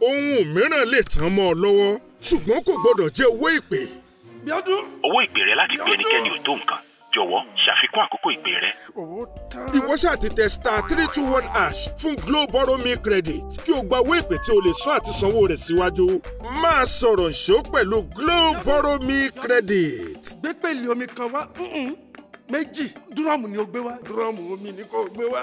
ohun mìíràn lè tán mọ́ ọ lọ́wọ́ ṣùgbọ́n kò gbọ́dọ̀ jẹ́ owó ìpè. owó ìpè rẹ láti pe ẹnikẹ́ni ò tó nǹkan jọ̀wọ́ ṣàfikún àkókò ìwọ ṣáà ti tẹ star three two one ash fún Glo borrow me credit kí o gba owó ìpè tí o lè san àti sanwó rẹ̀ síwájú máa sọ̀rọ̀ ṣó pẹ̀lú Glo borrow me credit. gbé pèlè omi kan wá méjì dúrọ́ọ̀mù ni o gbé wá dúrọ́ọ̀mù omi ni kò gbé wá